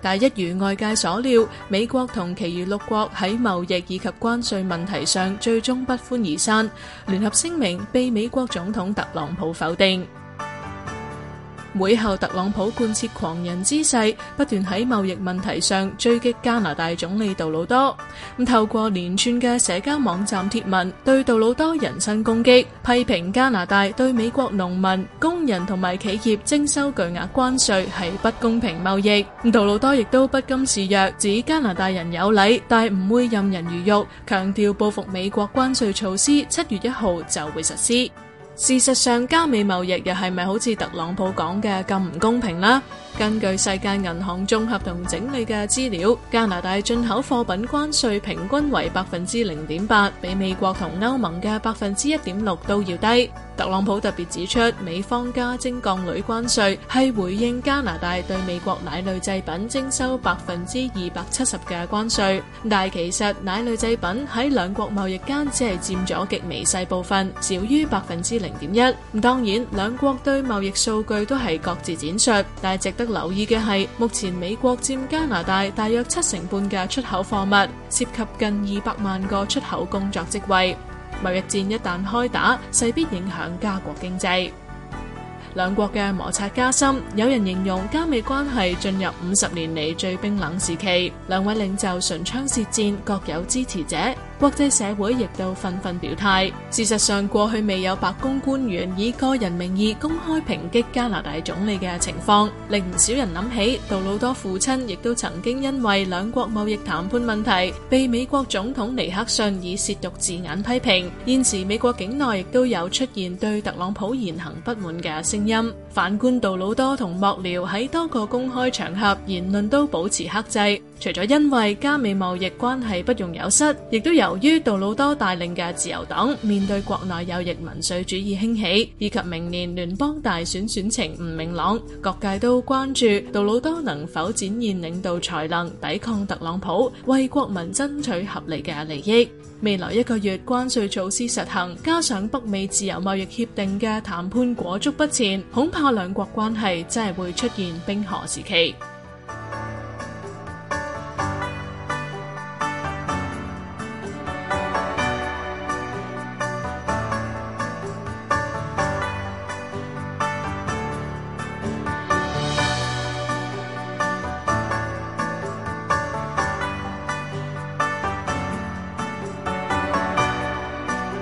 但一如外界所料，美國同其餘六國喺貿易以及關稅問題上最終不歡而散，聯合聲明被美國總統特朗普否定。會後特朗普貫徹狂人姿勢，不斷喺貿易問題上追擊加拿大總理杜魯多。咁透過連串嘅社交網站貼文，對杜魯多人身攻擊，批評加拿大對美國農民、工人同埋企業徵收巨額關稅係不公平貿易。杜魯多亦都不甘示弱，指加拿大人有禮，但唔會任人魚肉，強調報復美國關稅措施七月一號就會實施。事實上，加美貿易又係咪好似特朗普講嘅咁唔公平啦？根據世界銀行綜合同整理嘅資料，加拿大進口貨品關稅平均為百分之零點八，比美國同歐盟嘅百分之一點六都要低。特朗普特別指出，美方加徵鋼鋁關稅係回應加拿大對美國奶類製品徵收百分之二百七十嘅關稅。但係其實奶類製品喺兩國貿易間只係佔咗極微細部分，少於百分之零點一。咁當然，兩國對貿易數據都係各自展述。但係值得留意嘅係，目前美國佔加拿大大約七成半嘅出口貨物，涉及近二百萬個出口工作職位。貿易戰一旦開打，勢必影響家國經濟。兩國嘅摩擦加深，有人形容加美關係進入五十年嚟最冰冷時期。兩位領袖唇槍舌戰，各有支持者。國際社會亦都紛紛表態。事實上，過去未有白宮官員以個人名義公開抨擊加拿大總理嘅情況，令唔少人諗起杜魯多父親亦都曾經因為兩國貿易談判問題，被美國總統尼克遜以褻瀆字眼批評。現時美國境內亦都有出現對特朗普言行不滿嘅聲音。反觀杜魯多同幕僚喺多個公開場合言論都保持克制。除咗因為加美貿易關係不容有失，亦都由於杜魯多帶領嘅自由黨面對國內右翼民粹主義興起，以及明年聯邦大選選情唔明朗，各界都關注杜魯多能否展現領導才能，抵抗特朗普，為國民爭取合理嘅利益。未來一個月關稅措施實行，加上北美自由貿易協定嘅談判裹足不前，恐怕兩國關係真係會出現冰河時期。